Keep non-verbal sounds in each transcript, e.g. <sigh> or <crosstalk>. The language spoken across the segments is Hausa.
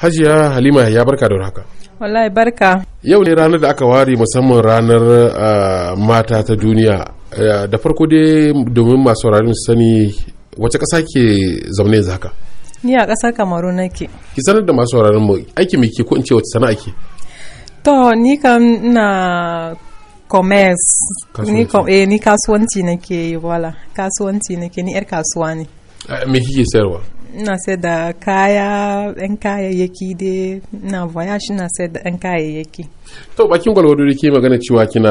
hajiya halima ya barka da haka wallahi barka yau ne ranar da aka ware musamman ranar ah, mata ta duniya eh, da farko dai domin masu rarin sani wace ƙasa ke zaune yanzu haka ni a ƙasar kamaru nake ki sanar da masu rarin mu aiki mai ke ko in ce wace sana'a ke to ni kam na commerce ni kasuwanci eh, nake wala kasuwanci nake ni yar kasuwa ne ah, me kike sayarwa ina sai da kaya yan kayayyaki dai ina voyage na sai da yan kayayyaki to bakin gwalwado da ke magana cewa kina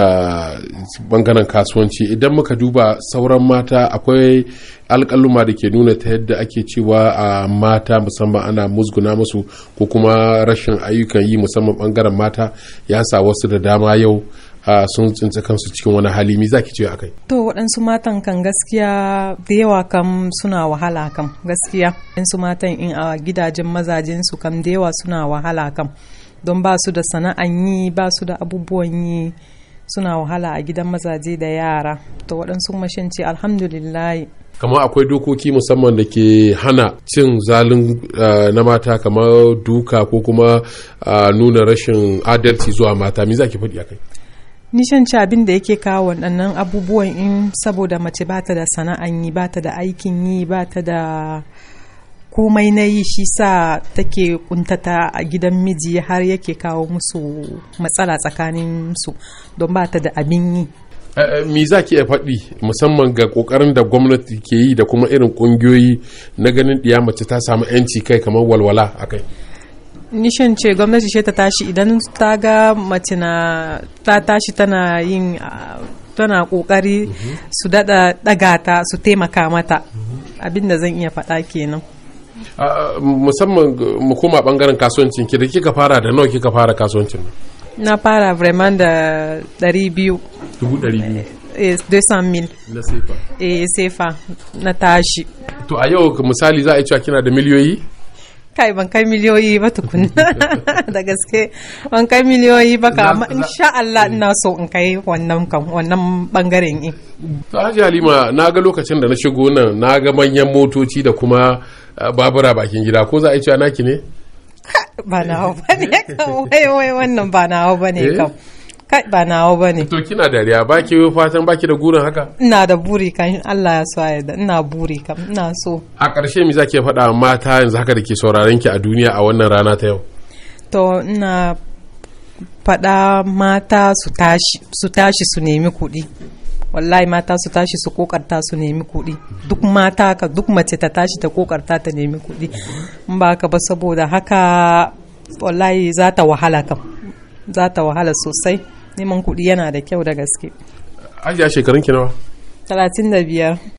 bangaren kasuwanci idan muka duba sauran mata akwai alƙaluma da ke nuna ta yadda ake cewa a mata musamman ana musguna musu ko kuma rashin ayyukan yi musamman bangaren mata ya sa wasu da dama yau sun tsinci kansu cikin wani hali mi zaki ce akai to waɗansu matan kan gaskiya da yawa kam suna wahala kam gaskiya su matan in a gidajen mazajen su kam da yawa suna wahala kam don ba su da sana'an yi ba su da abubuwan yi suna wahala a gidan mazaje da yara to waɗansu mashinci alhamdulillah kamar akwai dokoki musamman da ke hana cin zalin na mata kamar duka ko kuma nuna rashin adalci zuwa mata me za ki faɗi akai nishan ci abin da yake kawo waɗannan abubuwan in saboda mace ba ta da sana'an yi ba ta da aikin yi ba ta da komai na yi shi sa take kuntata a gidan miji har yake kawo musu matsala tsakanin su don ba ta da abin yi eh, eh, me za ki iya faɗi musamman ga ƙoƙarin da gwamnati ke yi da kuma irin ƙungiyoyi na ganin ɗiya mace ta samu 'yanci kai kamar walwala a kai nishan ce gwamnati ce ta tashi idan ta ga mace na ta tashi tana yin tana kokari mhm. su dada daga ta su taimaka mata abinda zan iya faɗa kenan musamman mu koma bangaren kasuwancin ki da kika fara da nawa kika fara kasuwancin na fara vraiment da 200 200,000 eh, na eh sefa na tashi to a yau misali za a yi cewa kina da miliyoyi kai ban kai miliyoyi ba tukun <laughs> da gaske ban kai miliyoyi ba ka amma insha Allah ina so in kai wannan kan wannan bangaren in to Haji Halima na ga lokacin da na shigo nan na ga manyan motoci da kuma eh, babura bakin gida ko za a yi cewa naki ne ba na hau bane kam <laughs> wai wai wannan ba na hau bane eh? kam kai ba nawa ba ne to kina dariya ba ki fatan ba da gurin haka ina da buri kan Allah ya so ya da ina buri kam ina so a ƙarshe mi zake faɗa mata yanzu haka da ke sauraron ki a duniya a wannan rana ta yau to ina faɗa mata su tashi su tashi su nemi kuɗi wallahi mata su tashi su kokarta su nemi kuɗi duk mata ka duk mace ta tashi ta kokarta ta nemi kuɗi in ba ka ba saboda haka wallahi za ta wahala kam za ta wahala sosai neman kuɗi yana da kyau da gaske ajiya shekarun kinawa. 35